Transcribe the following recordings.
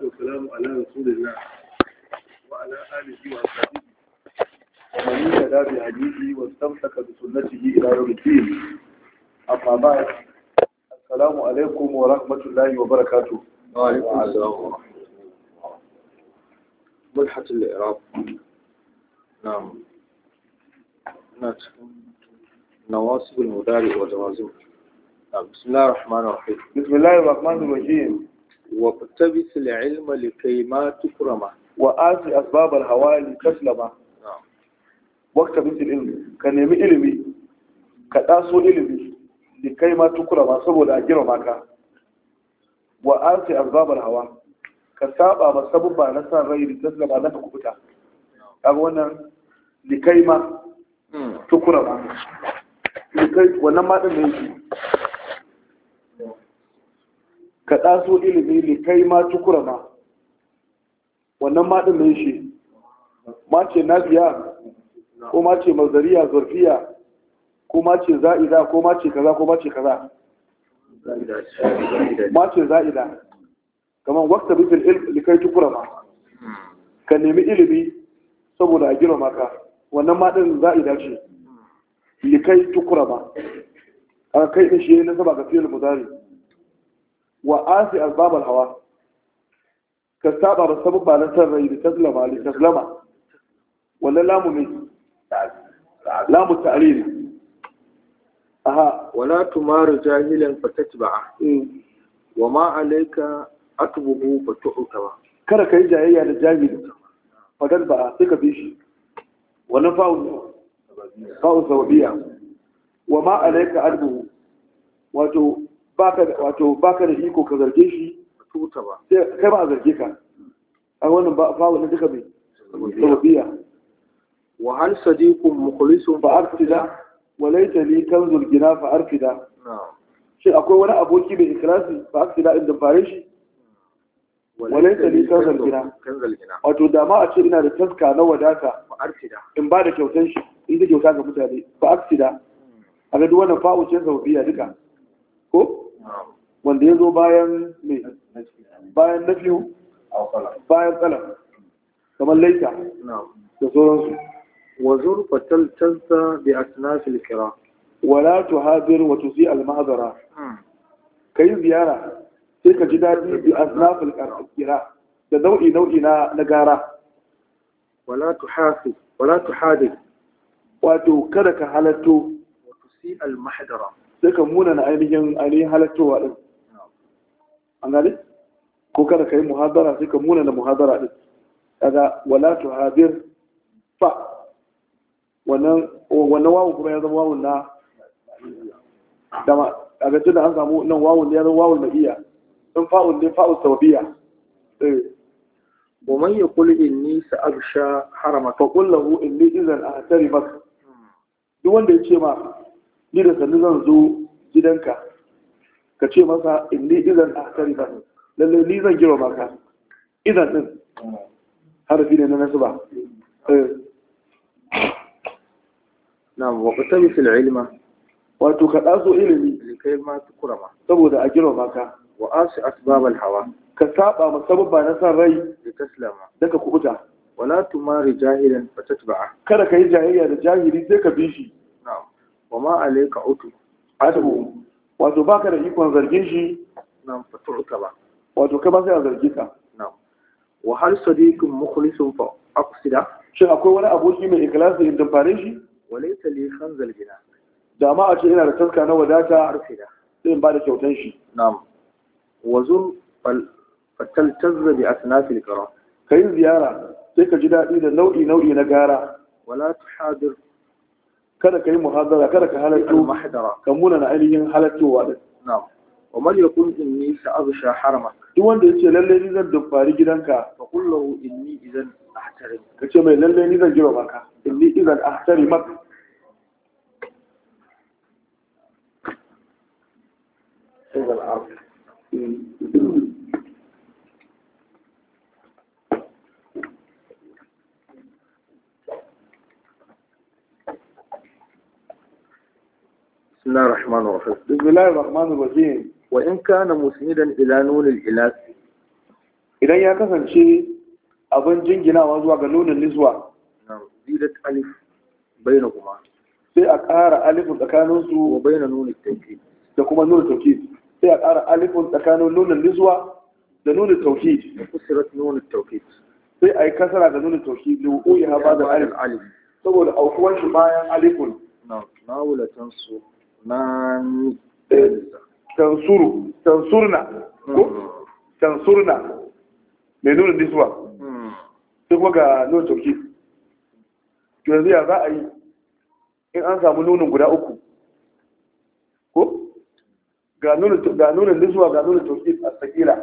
والصلاة والسلام على رسول الله وعلى آله وأصحابه ومن اهتدى بهديه واستمسك بسنته إلى يوم الدين أما بعد السلام عليكم ورحمة الله وبركاته وعليكم السلام ورحمة الله ملحة الإعراب نعم نواصب المدارع وجوازمه بسم الله الرحمن الرحيم بسم الله الرحمن الرحيم وابتبس العلم لكي ما تكرم وآتي أسباب الهواء لتسلم واكتبس العلم كان يمي إلمي كتاسو إلمي لكي ما تكرم سبو لأجر معك وآتي أسباب الهواء كسابة بسبب نسان رأي لتسلم أنك كبتا أقولنا لكي ما تكرم لكي ونما تنهي ka ɗaso ilimi ne kai ma tukura ma wannan ma ɗin shi ma ce nafiya ko ma ce mazariya zurfiya ko ma ce za'ida ko ma ce kaza ko ma ce kaza ma ce za'ida kamar wakta bifin ilimi kai tukura ma ka nemi ilimi saboda a gina maka wannan ma ɗin za'ida ce likai tukura ma a kai ɗin shi ne na saba ga fiye da wa asi azbabal hawa ka saba da sabu ba na san rai da taslama da taslama wannan lamu ne lamu ta'riri aha wala tumaru jahilan fatatba'a hmm. wa ma alayka atbuhu fatu'taba kada kai jayayya da jahili fadal ba sai bi shi wannan fa'u fa'u sawabiya wa ma alayka atbuhu wato baka da wato baka da iko ka zarge shi kai ba a zarge ka a wannan ba wani duka bai sababiya wa hal sadiqun mukhlisun fa arfida wa laysa li kanzul gina fa arfida shi akwai wani aboki mai ikhlasi fa arfida inda fare shi wa laysa li kanzul gina wato da ma a ce ina da taska na wadata fa arfida in ba da kyautan shi in da kyauta ga mutane fa arfida a ga duk wannan fa'ucin sababiya duka ko wanda ya zo bayan mai bayan nafiyu bayan kalam kamar laita da sauransu wazur fatal tazza bi asnafil kira wala tuhadir wa tuzi al ma'azara kai ziyara sai ka ji daɗi bi asnafil kira da nau'i nau'i na na gara wala tuhafi wala tuhadir wato kada ka halatto wa tusi al mahdara sai ka muna na ainihin ainihin halittowa din an gane ko kada ka yi muhadara sai ka muna na muhadara din daga wala hadir fa wannan wannan wawun kuma ya zama wawun na dama a ga tunda an samu nan wawun ya zama wawun na iya in fa'un ne fa'un sababiya ومن يقول إني سأغشى حرمك فقل له إني إذا أعترفك duk wanda ya ce ma ni da sannu zan zo gidanka ka ce masa inni izan a kari ba lallai ni zan girma maka izan din Harfi ne na nasu ba eh. na tabi fil ilima wato ka ɗazo ilimi likai ma tukurama saboda a girma maka wa asu asbabal hawa ka saba ma sababba na san rai da taslama da ka kuɓuta wala tumari jahilan fatatba'a kada ka yi jahiliya da jahili sai ka bi shi wa ma alayka utu atu wato baka da ikon zargin shi nan fatuka ba wato kai ba sai a zargi ka na'am wa hal sadiqun mukhlisun fa aqsida shin akwai wani aboki mai ikhlasi in damfare shi walaysa li khanzal jina da ma a ce ina da taska na wadata arfida sai in ba da kyautan shi na'am wa zur fataltazza bi asnafil karam kai ziyara sai ka ji daɗi da nau'i nau'i na gara wala tuhadir كذلك المحاضرة كذلك حالته المحضرة كمونا نعلي حالته وعلى نعم ومن يقول إني سأبشى حرمك دوان دي سيئ للي نزل دفاري جدنك فقل له إني إذن أحترم كتب للي نزل جرمك إني إذن أحترمك إذن أحترمك بسم الله الرحمن الرحيم بسم الله الرحمن الرحيم وإن كان مسندا إلى نون الإناث إذا يا كسن شيء أبن جنجنا وزوا نون النسوة نعم زيدت ألف بينهما a ƙara alifin tsakanin da kuma nuna tauki sai a ƙara alifin tsakanin nuna nizwa da nuna tauki da kusurat nuna tauki sai a yi kasara da nuna tauki da wuƙo'i ha ba da alif saboda aukuwan shi bayan alifin na wulatan su الرحمن تنصر تنصرنا تنصرنا من نون النسوة تقوى نون تركي yanzu ya za a yi in an samu nunin guda uku ko ga nunin disuwa ga nunin turkis a tsakila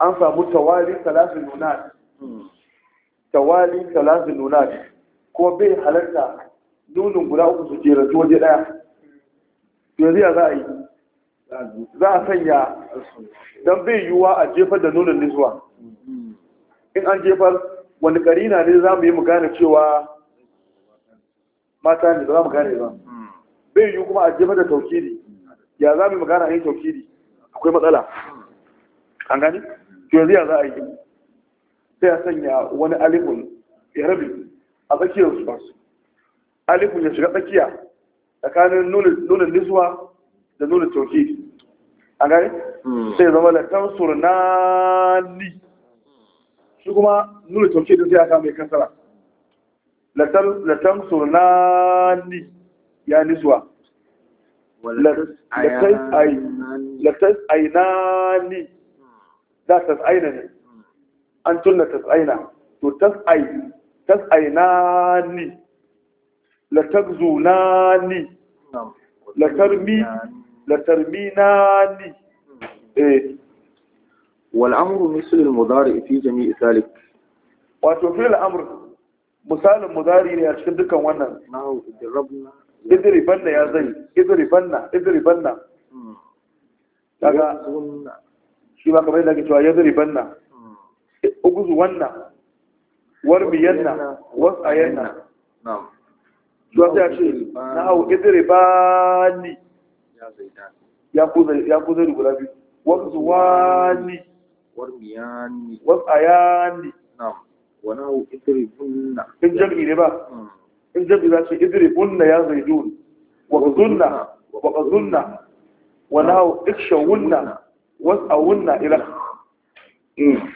an samu tawali talatin nunat hmm. tawali talatin nunat ko bai halarta nunin guda uku su jera waje daya yanzu ya za a yi za a sanya don bai yiwuwa a jefar da nunan nizuwa in an jefar wani karina ne za mu yi mu gane cewa mata ne za mu gane ba bai yiwu kuma a jefar da taukiri ya za mu yi mu gane a yi taukiri akwai matsala an gani yanzu ya za a yi sai a sanya wani alifun ya rabi a tsakiyar su alifun ya shiga tsakiya tsakanin nuna niswa da nuna tauki a gani hmm. sai zama da tansur na ni shi kuma nuna tauki din sai aka mai kasara latansur na ni ya niswa latas aina ni da tas aina ne hmm. an tunna tas aina to tas aina ni latarzunani latarmi latarminani eh wal amru misl al mudari fi jami'i thalik wato fi al'amur? misalin mudari ne a cikin dukan wannan nahu idrabna ya zai idribanna idribanna daga hmm. shi ba kamar yadda ke cewa yadribanna hmm. uguzu wannan warbiyanna ayanna. to sai a ce na hau idire ba ni ya ku zai guda biyu wasu wani wasu ayani wani hau idire bunna in jam'i ne ba hmm. in jam'i za ce idire bunna ya zai dun wakazunna wakazunna wani hau ikshawunna wasu awunna ila hmm.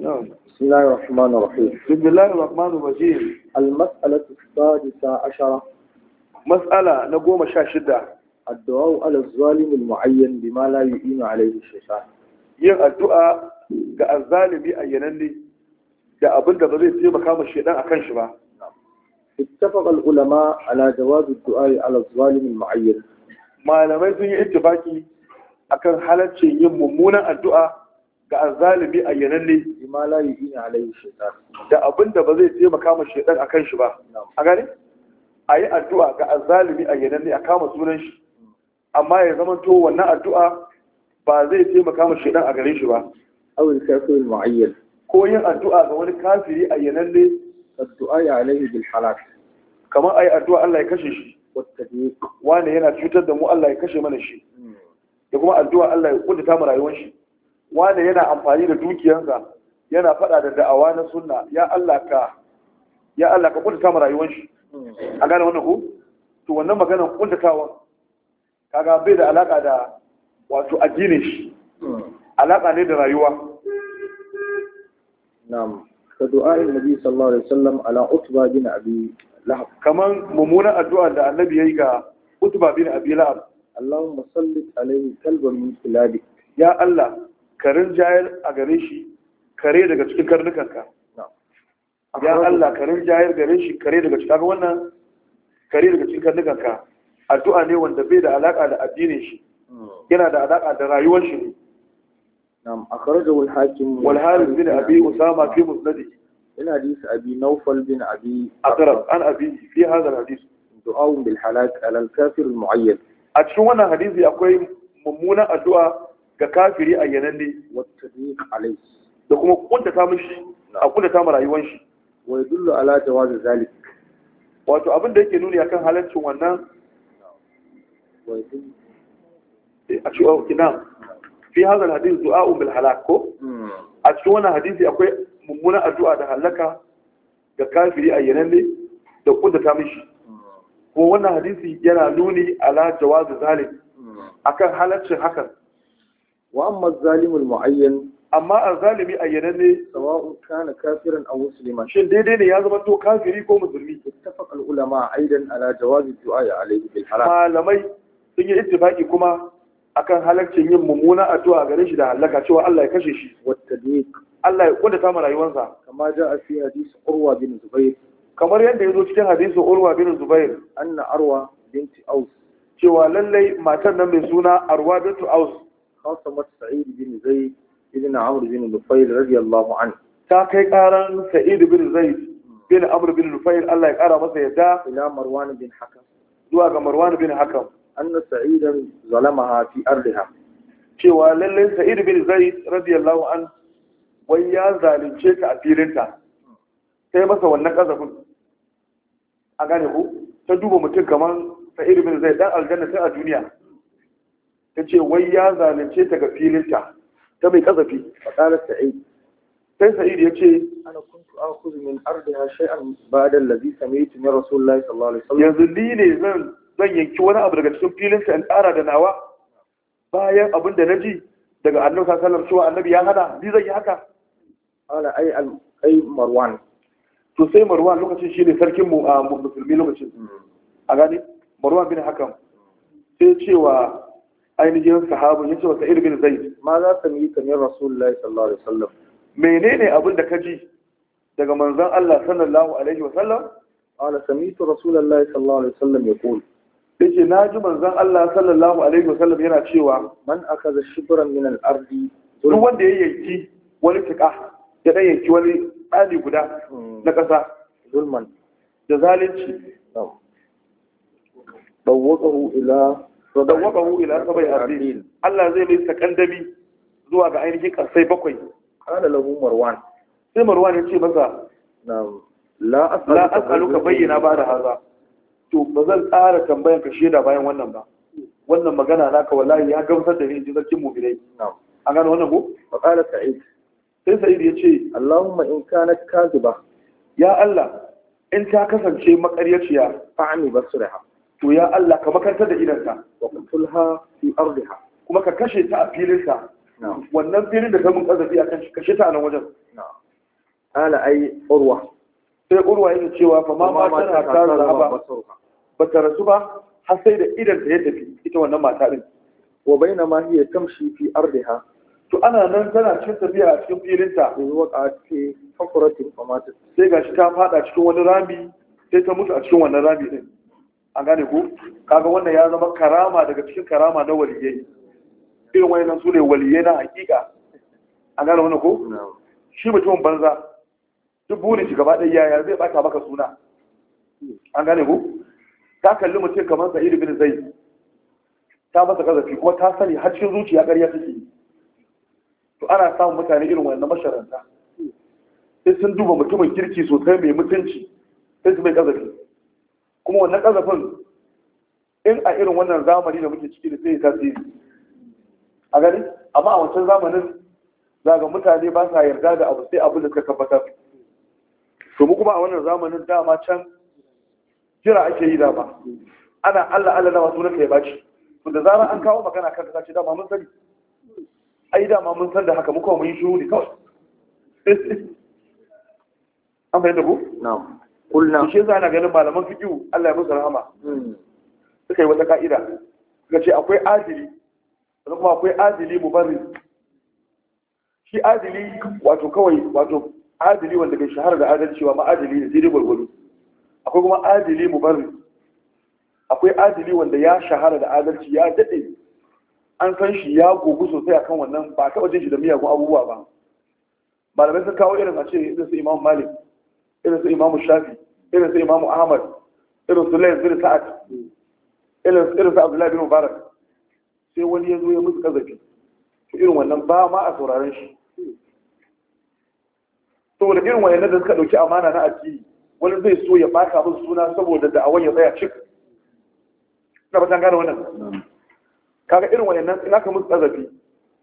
بسم الله الرحمن الرحيم بسم الله الرحمن الرحيم المسألة السادسة عشرة مسألة نقوم شاشدة الدعاء على الظالم المعين بما لا يؤين عليه الشيطان يغ الدعاء ga azalimi a yananne, da abinda da ba zai ce makamar shaidan a kan shi ba. Ittafaqal ulama ala jawabi du'ai ala zalimin ma'ayyar. Malamai sun yi ittifaki akan halaccin yin mummunan addu'a ga azzalimi ayyananne bima la ina alayhi shaytan da abinda ba zai taimaka ma shaytan akan shi ba a gane yi addu'a ga a ayyananne a kama sunan shi amma ya zama to wannan addu'a ba zai taimaka ma shaitan a gare shi ba aw al-kafir mu'ayyan ko yin addu'a ga wani kafiri ayyananne addu'a ya alayhi bil halak kamar ayi addu'a Allah ya kashe shi wanda yana cutar da mu Allah ya kashe mana shi hmm. da kuma addu'a Allah ya kudata mu rayuwar shi wanda yana amfani da dukiyansa, yana faɗa da da'awa na sunna ya Allah ka ya Allah ka kuntata mu rayuwar shi a gane wannan ko to wannan maganar kuntatawa kaga bai da alaka da wato addinin shi alaka ne da rayuwa na'am ka du'a'in nabi sallallahu alaihi wasallam ala utba bin abi lahab kaman mummunan addu'a da annabi yayi ga utba bin abi lahab Allahumma sallit alaihi kalban min kiladik ya Allah karin jayar a gare shi kare daga cikin karnukanka ya Allah karin jayar gare shi kare daga cikin wannan kare daga cikin karnukanka addu'a ne wanda bai da alaka da addinin shi hmm. yana da alaka da rayuwar shi ne nam akhrajahu al-hakim wal harith bin abi usama fi musnadi ina hadith abi nawfal bin abi akhraj an abi fi hadha al-hadith du'a bil halak ala al-kafir al-mu'ayyad a cikin wannan hadisi akwai mummunan addu'a ga kafiri a ne wata duk alai da kuma ta mishi a kuntata ta rayuwar shi wa ala ala jawazi zalik wato abin da yake nuni akan halaccin wannan eh, a cewa kina fi hazar hadin du'a umar halak ko hmm. a cikin wannan hadisi akwai mummunan addu'a da halaka ga kafiri a ne da ta mishi hmm. Kuma wannan hadisi yana nuni ala jawazi zalik hmm. akan halaccin hakan wa amma zalimul mu'ayyan amma azzalimi ayyananne sawa'un kana kafiran a musliman shin daidai ne ya zama to kafiri ko musulmi ittafaqa al ulama aidan ala jawazi du'a alayhi bil halal malamai sun yi ittifaqi kuma akan halarcin yin mummuna addu'a gare shi da halaka cewa Allah ya kashe shi wattadiq Allah ya kudata ma rayuwarsa kama a fi hadisi urwa bin zubair kamar yadda ya zo cikin hadisin urwa bin zubair anna arwa binti aus cewa lallai matar nan mai suna arwa bintu aus khasamat sa'id bin zaid ibn amr bin nufail radiyallahu anhu ta kai karan sa'id bin zaid bin amr bin nufail Allah ya kara masa yadda ila marwan bin hakam zuwa ga marwan bin hakam anna sa'idan zalamaha fi ardiha cewa lalle sa'id bin zaid radiyallahu anhu wai ya zalunce ka a filinta sai masa wannan kazafin a gane ku ta duba mutum kamar sa'id bin zaid dan aljanna sai a duniya ta ce wai ya zalince ta ga filinta ta mai kazafi a ƙarar aiki sai sa'id ya ce ana kuntu akhudhu min arda ya shai an ardiha lazi ba'da yi sami'tu min lai sallallahu alaihi yanzu ni ne zan yanki wani abu daga cikin filinta in ƙara da nawa bayan abin da na ji daga annabi sallallahu cewa annabi ya hada ni zan yi haka ala ai ai marwan to sai marwan lokacin shi ne sarkin musulmi lokacin mm. a gani marwan bin hakan sai cewa ainihin sahabin yace wa sa'id bin zai. ma za ta yi kamar rasulullahi sallallahu alaihi wasallam menene abin da ka ji daga manzan Allah sallallahu alaihi wasallam qala sami'tu rasulullahi sallallahu alaihi wasallam yaqul na ji manzan Allah sallallahu alaihi wasallam yana cewa man akaza shibran min al-ardi duk wanda ya yanki wani tuka ya dan yanki wani tsali guda hmm. na ƙasa zulman da zalunci bawwaqahu ila to da waka hu ila sabai ardi Allah zai mai sakandami zuwa ga ainihin karsai bakwai qala lahu marwan sai marwan ya ce masa na'am la as'aluka bayyana ba da haza to ba zan tsara tambayan ka sheda bayan wannan ba wannan magana naka wallahi ya gamsar da ni in ji mu mu'minai an gano wannan ko fa qala sa'id sai sa'id ya ce Allahumma in kana kaziba ya Allah in ta kasance makaryaciya fa'ani basriha to ya Allah ka makantar da idanta wa qulha fi ardiha kuma ka kashe ta a filin ta wannan filin da ta mun kazafi a kan kashe ta a nan wajen ala ai urwa sai urwa yake cewa fa ma ma tana tara ba ba ta rasu ba har sai da idan ta ya tafi ita wannan mata din wa ma hiya tamshi fi ardiha to ana nan tana cikin tafiya a cikin filin ta sai waka ce fakuratin mata sai gashi ta fada cikin wani rami sai ta mutu a cikin wannan rami din an gane ku kaga wannan ya zama karama daga cikin karama na waliyai irin wani su ne waliyai na hakika an gane wani ku? shi mutumin banza duk burin shi gaba ɗaya yaya zai ɓata maka suna an gane ku ta kalli mutum kamar sa'id bin zai. ta masa kazafi kuma ta sani har cikin zuciya ƙarya take to ana samun mutane irin wannan masharanta sai sun duba mutumin kirki sosai mai mutunci sai su mai kazafi kuma wannan ƙazafin in a irin wannan zamani da muke ciki da sai tasiri a gani amma a wancan zamanin za ga mutane ba sa yarda da abu sai abin da suka tabbatar to mu kuma a wannan zamanin dama can jira ake yi dama ana Allah Allah na wasu ranka ya baci to da zarar an kawo magana kan ta ce dama mun sani ai dama mun san da haka muka mun yi shiru ne kawai an fahimta ko na'am kulna shi za na ganin malaman fiqhu Allah ya musu rahama hmm. suka yi wata ka'ida suka ce akwai adili sannan kuma akwai adili mubarriz shi adili wato kawai wato adili wanda bai shahara da adalci ba ma adili ne sai dai gwargwado akwai kuma adili mubarriz akwai adili wanda ya shahara da adalci ya daɗe an san shi ya gogu sosai akan wannan ba taɓa jin shi da miyagun abubuwa ba malamai sun kawo irin a ce irin su imam malik irin su imamu shafi irin su imamu ahmad irin su lais bin sa'ad irin su abdullahi bin mubarak sai wani ya zo ya musu kazafi su irin wannan ba ma a sauraron shi da irin wani da suka dauki amana na addini wani zai so ya baka musu suna saboda da awon ya tsaya cik na ba gane wannan kaga irin nan ina ka musu kazafi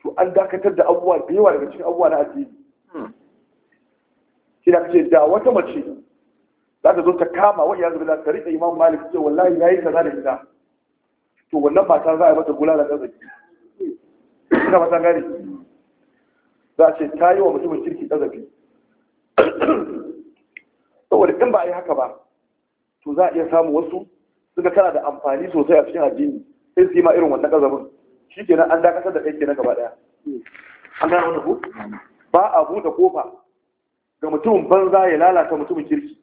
to an dakatar da abubuwa da yawa daga cikin abubuwa na addini hmm. Ina ce da wata mace za ta zo ta kama wa iyazu billah ta rike imam malik ce wallahi ya yi kaza da ita to wannan mata za a yi mata gulala da tsarki ina mata gari za a ce ta yi wa mutumin kirki tsarki saboda in ba a yi haka ba to za a iya samu wasu suka kana da amfani sosai a cikin addini sai su yi ma irin wannan kazafin shi kenan an dakatar da kai na gaba daya an gane wani ku ba a buɗe kofa ga mutumin banza ya lalata mutumin kirki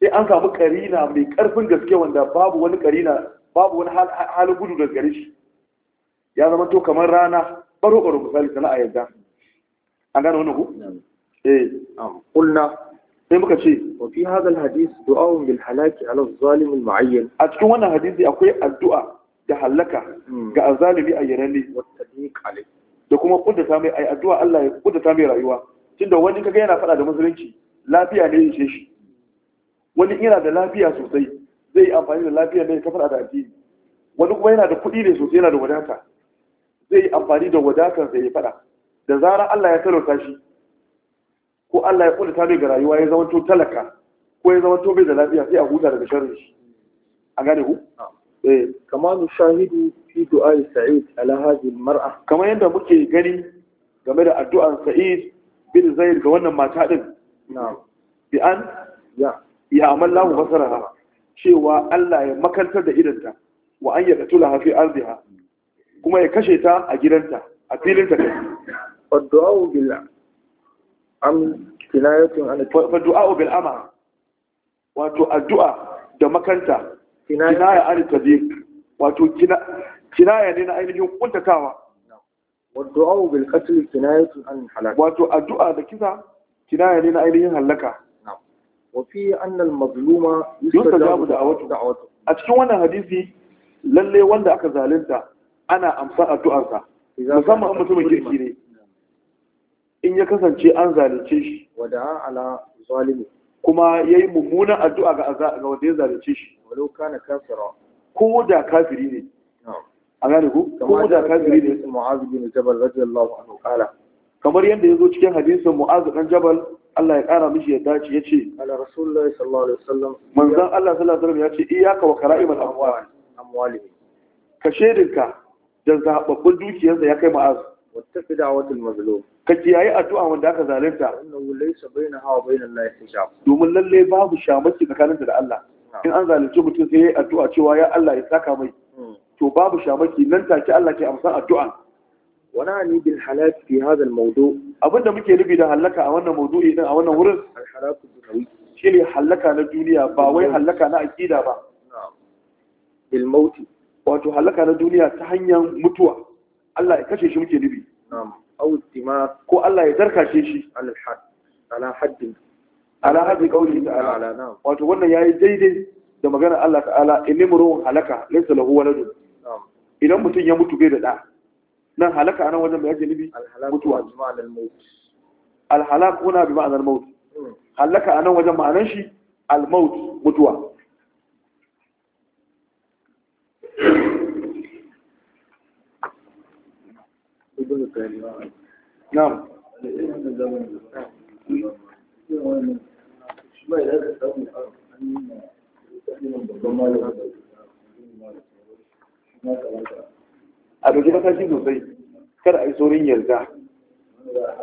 sai an samu karina mai karfin gaske wanda babu wani karina babu wani halin gudu da gare shi ya zama to kamar rana baro baro misali sana a yadda an gane wani ku eh kulna sai muka ce wa fi hadha alhadith du'a'un bil halaki ala zalim al a cikin wannan hadisi akwai addu'a da halaka hmm. ga azalimi ayyanan ne da kuma kuddata mai ai addu'a Allah ya kuddata mai rayuwa tunda wani kaga yana faɗa da musulunci lafiya ne ya ishe shi wani yana da lafiya sosai zai yi amfani da lafiya ne kafar faɗa da addini wani kuma yana da kuɗi ne sosai yana da wadata zai yi amfani da wadatar da ya faɗa da zarar Allah ya talauta shi ko Allah ya ta mai ga rayuwa ya zama to talaka ko ya zama to bai da lafiya sai a huta daga sharri shi a gane ku eh kama shahidu fi du'a Sa'id ala hadhihi al-mar'a kama yadda muke gani game da addu'an Sa'id bin zayir ga wannan mata din bi an ya amallahu basaraha cewa Allah ya makantar da idanta wa an yaka tula hafi arziha kuma ya kashe ta a gidanta a filin ta kai fadu'a'u bil am kinayatun an fadu'a'u bil ama wato addu'a da makanta kinaya an tadik wato kinaya ne na ainihin kuntakawa. Wadda Wato addu'a da kisa kinaya ne na ainihin halaka. da A cikin wannan hadisi lalle wanda aka zalunta ana amsa kirki ne. In ya kasance an zalunce shi. Wada Kuma ya yi mummunan addu'a ga wanda ya zalunce shi. Walau na kafira. Ko da kafiri ne. a gane ku ne radiyallahu anhu kamar yadda zo cikin hadisin mu'azu dan jabal Allah ya kara mishi ya ce yace ala rasulullahi sallallahu alaihi wasallam manzon Allah sallallahu alaihi wasallam ce, "Iyaka wa kara'imal amwal ka shedinka da zababbun dukiyarsa ya kai mu'az wattafi da'watul mazlum ka kiyaye addu'a wanda aka zalunta innahu laysa bainaha wa bainal lahi hijab domin lalle babu shamaki tsakaninta da Allah in an zalunci mutum sai yayi addu'a cewa ya Allah ya saka mai to babu shamaki nan take Allah ke amsa addu'a wana ni bil halak fi hadha al mawdu abinda muke nufi da halaka a wannan mawdu'i din a wannan wurin al halak dunawi shine halaka na duniya ba wai halaka na aqida ba bil mauti wato halaka na duniya ta hanyar mutuwa Allah ya kashe shi muke nufi na'am aw istima ko Allah ya darkashe shi al had ala haddin ala haddi qawli ta'ala wato wannan yayi daidai da maganar Allah ta'ala inimru halaka laysa lahu waladun idan mutum ya mutu bai da ɗa nan halaka a nan wajen mai ake mutuwa alhalak kuna bi ma'anar maut hmm. halaka a nan wajen ma'anar shi almaut mutuwa da a a ɗauki mataki sosai kada a yi saurin yarda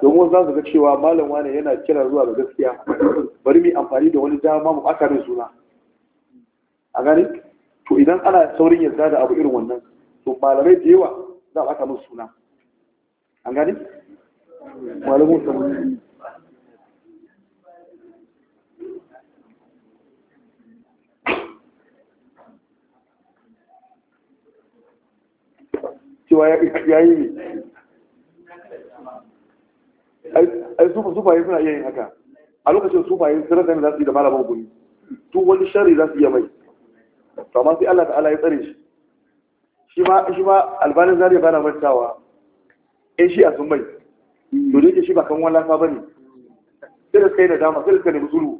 domin za su ga cewa malam wane yana kira zuwa da gaskiya bari mu amfani da wani dama mu aka rin suna a gani to idan ana saurin yarda da abu irin wannan to malamai da yawa za a aka musu suna an gani malamin samun cewa ya yi ne ai sufaye suna iya yin haka a lokacin sufaye sarrafa za su yi da malaman guri tu wani shari za su iya mai to amma sai Allah ta'ala ya tsare shi shi ma shi ma albanin zariya bana mantawa in shi a sun mai to da yake shi ba kan wani lafa bane sai da kai da dama sai da kai musulu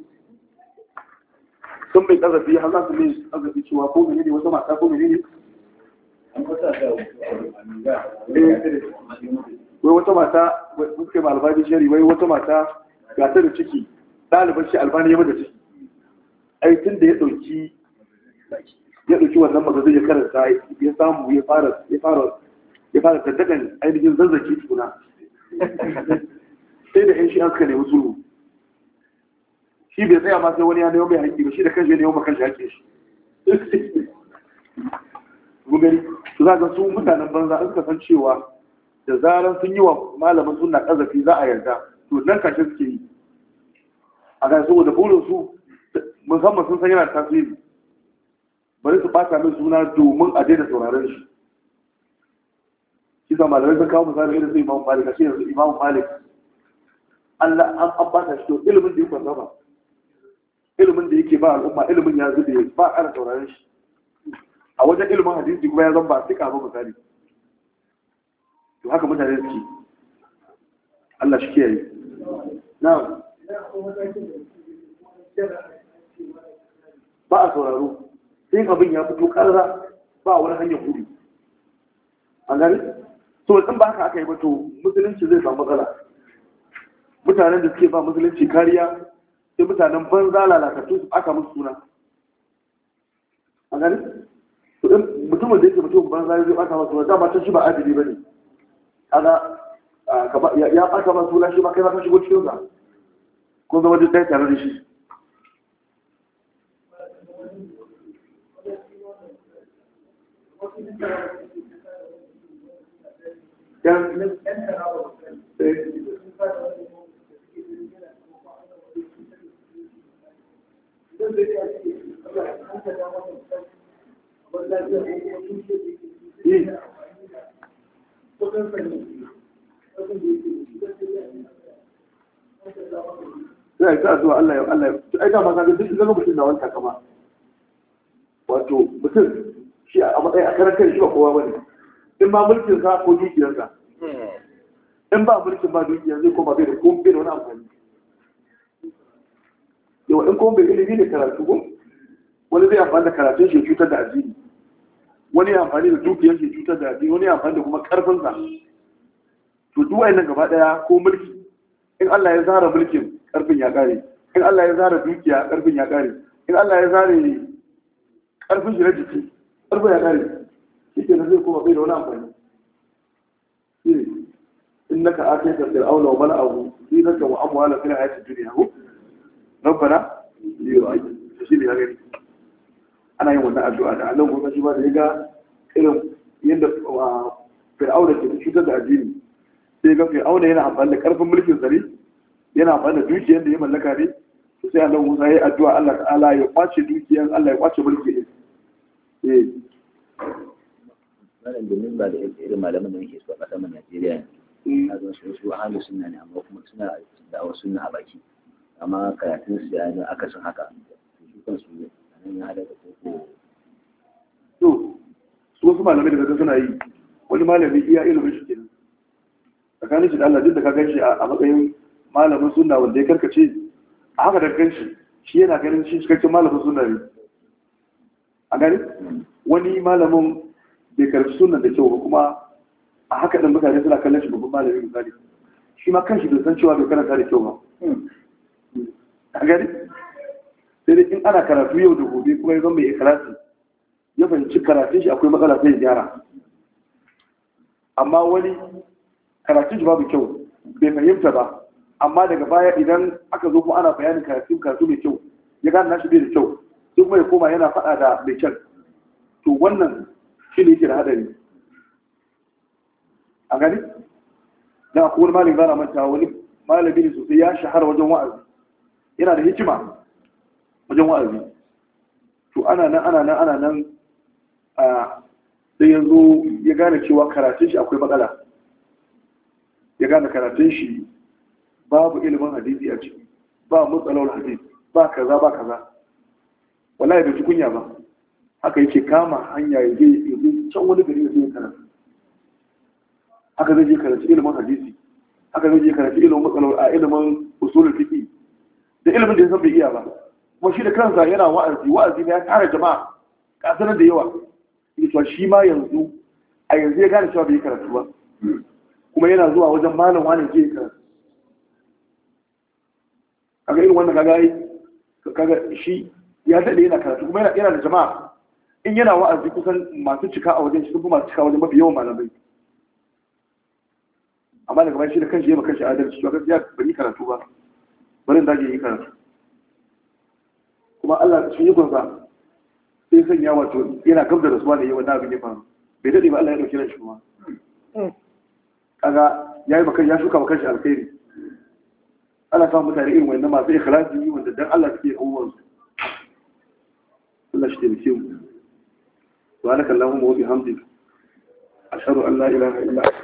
sun bai kazafi har za su ne kazafi cewa ko menene wata mata ko menene wai wata mata suka yi ma albani shari wai wata mata ga da ciki ɗaliban shi albani ya mata ciki ai tun da ya ɗauki ya ɗauki wannan magazin ya karanta ya samu ya fara ya fara ya fara tattakan ainihin zazzaki tukuna sai da yan shi an suka nemi sulhu shi bai tsaya ma sai wani ya nemo mai haƙƙi ba shi da kanshi ya nemo ma kanshi haƙƙin shi gugari su za ga su mutanen banza in suka san cewa da zaran sun yi wa malamin suna ƙazafi za a yarda to nan kashe suke yi a ga saboda burin su musamman sun san yana tasiri bari su bata min suna domin a daina sauraron shi shi malamai sun kawo misali irin su imam malik a shi yanzu imam malik Allah an ambata shi to ilimin da yake zama ilimin da yake ba al'umma ilimin ya zube ba ƙara sauraron shi a wajen ilimin hadisi kuma ya zan ba suka ba misali to haka mutane suke Allah shi kiyaye na ba a sauraro sai abin ya fito karra ba a wani hanyar kuri an gani so in ba haka aka yi mato, musulunci zai samu matsala mutanen da suke ba musulunci kariya sai mutanen banza lalatattu su aka musu suna A gani idan mutumin da yake mutumin banza zai bata masa suna dama ta shi ba adili ba ne ana ya bata masu suna ba kai shigo cikin sa ko zama duk ɗaya tare da shi sai ta addu'a Allah ya Allah ai duk mutum na wanta kama wato mutum shi a a shi ba kowa bane in mulkin sa ko dukiyar sa in ba mulkin ba dukiyar zai koma bai da ko bai da wani amfani yau in ko bai ilimi ne karatu ko wani zai amfani da karatun shi cutar da addini wani ya amfani da dukiyar shi cutar da addini wani ya amfani da kuma karfin sa to duk wayannan gaba daya ko mulki in Allah ya zara mulkin karfin ya kare in Allah ya zara dukiya karfin ya kare in Allah ya zara karfin shi na jiki karfin ya kare shi da zai kuma bai da wani amfani إنك آتيت فرعون وملأه زينة وأموالا في الحياة الدنيا ربنا ليرأي تشيل يا yare. ana yin wannan addu'a da Allah gobe shi ba da yaga irin yadda fir'auna ke cutar da addini sai ga fir'auna yana amfani da karfin mulkin sare yana amfani da dukiyar da ya mallaka ne sai Allah Musa ya addu'a Allah ta'ala ya kwace dukiyar Allah ya kwace mulki ne eh malam domin ba da irin malaman da muke so a ƙasar Najeriya ne eh. na zo su su ahalu sunna ne amma kuma suna da awa sunna a baki amma karatun su ya yi akasin haka su kansu nan ya hada malamai da kaga suna yi wani malami iya ilimin shi kenan tsakanin shi da Allah duk da ka ganshi a matsayin malamin sunna wanda ya karkace a haka da ganshi shi yana ganin shi cikakken malamin sunna ne a gani wani malamin bai karfi sunan da kyau ba kuma a haka ɗan mutane suna kallon shi babban malami misali shi ma kanshi bai san cewa bai karanta da kyau ba a gani sai dai in ana karatu yau da gobe kuma ya zama mai ikhlasi ya fahimci karatun shi akwai matsala sai gyara amma wani karatun shi babu kyau bai fahimta ba amma daga baya idan aka zo ko ana bayanin karatun karatu mai kyau ya gane nashi bai da kyau duk mai koma yana faɗa da mai kyau to wannan shi ne yake da hadari a gani da akwai wani malin zana manta wani malami ne sosai ya shahara wajen wa'azi yana da hikima wajen wa'azi to ana nan ana nan ana nan sai ya zo ya gane cewa karatun shi akwai matsala ya gane karatun shi babu ilimin hadisi a ciki ba matsalar hadisi ba kaza ba kaza wallahi bai ji kunya ba haka yake kama hanya ya je ya zo can wani gari ya zo karatu haka zai je karatu ilimin hadisi haka zai je karatu ilimin matsalar a ilimin usulul fiqh da ilimin da ya san bai iya ba kuma shi da kansa yana wa'azi wa'azi ne ya tara jama'a kasanar da yawa Shima shi ma yanzu a yanzu ya gane cewa bai karatu ba kuma yana zuwa wajen malam wani je karatu ga irin wannan kaga kaga shi ya daɗe yana karatu kuma yana da jama'a in yana wa'azi kusan masu cika a wajen shi sun fi masu cika wajen mafi yawan malamai amma daga bayan shi da kanshi ya makanshi adalci cewa gaskiya ya yi karatu ba bari in yi karatu kuma Allah shi yi gwanza sai sanya wato yana gab da rasuwa da yawan abin ya faru bai daɗe ba Allah ya ɗauki rashin ma kaga ya yi bakan ya shuka bakan shi alkhairi Allah samu mutane irin wannan masu ikhlasi yi wanda dan Allah suke abubuwan su Allah shi taimake mu allahumma wa bihamdika ashhadu an la ilaha illa anta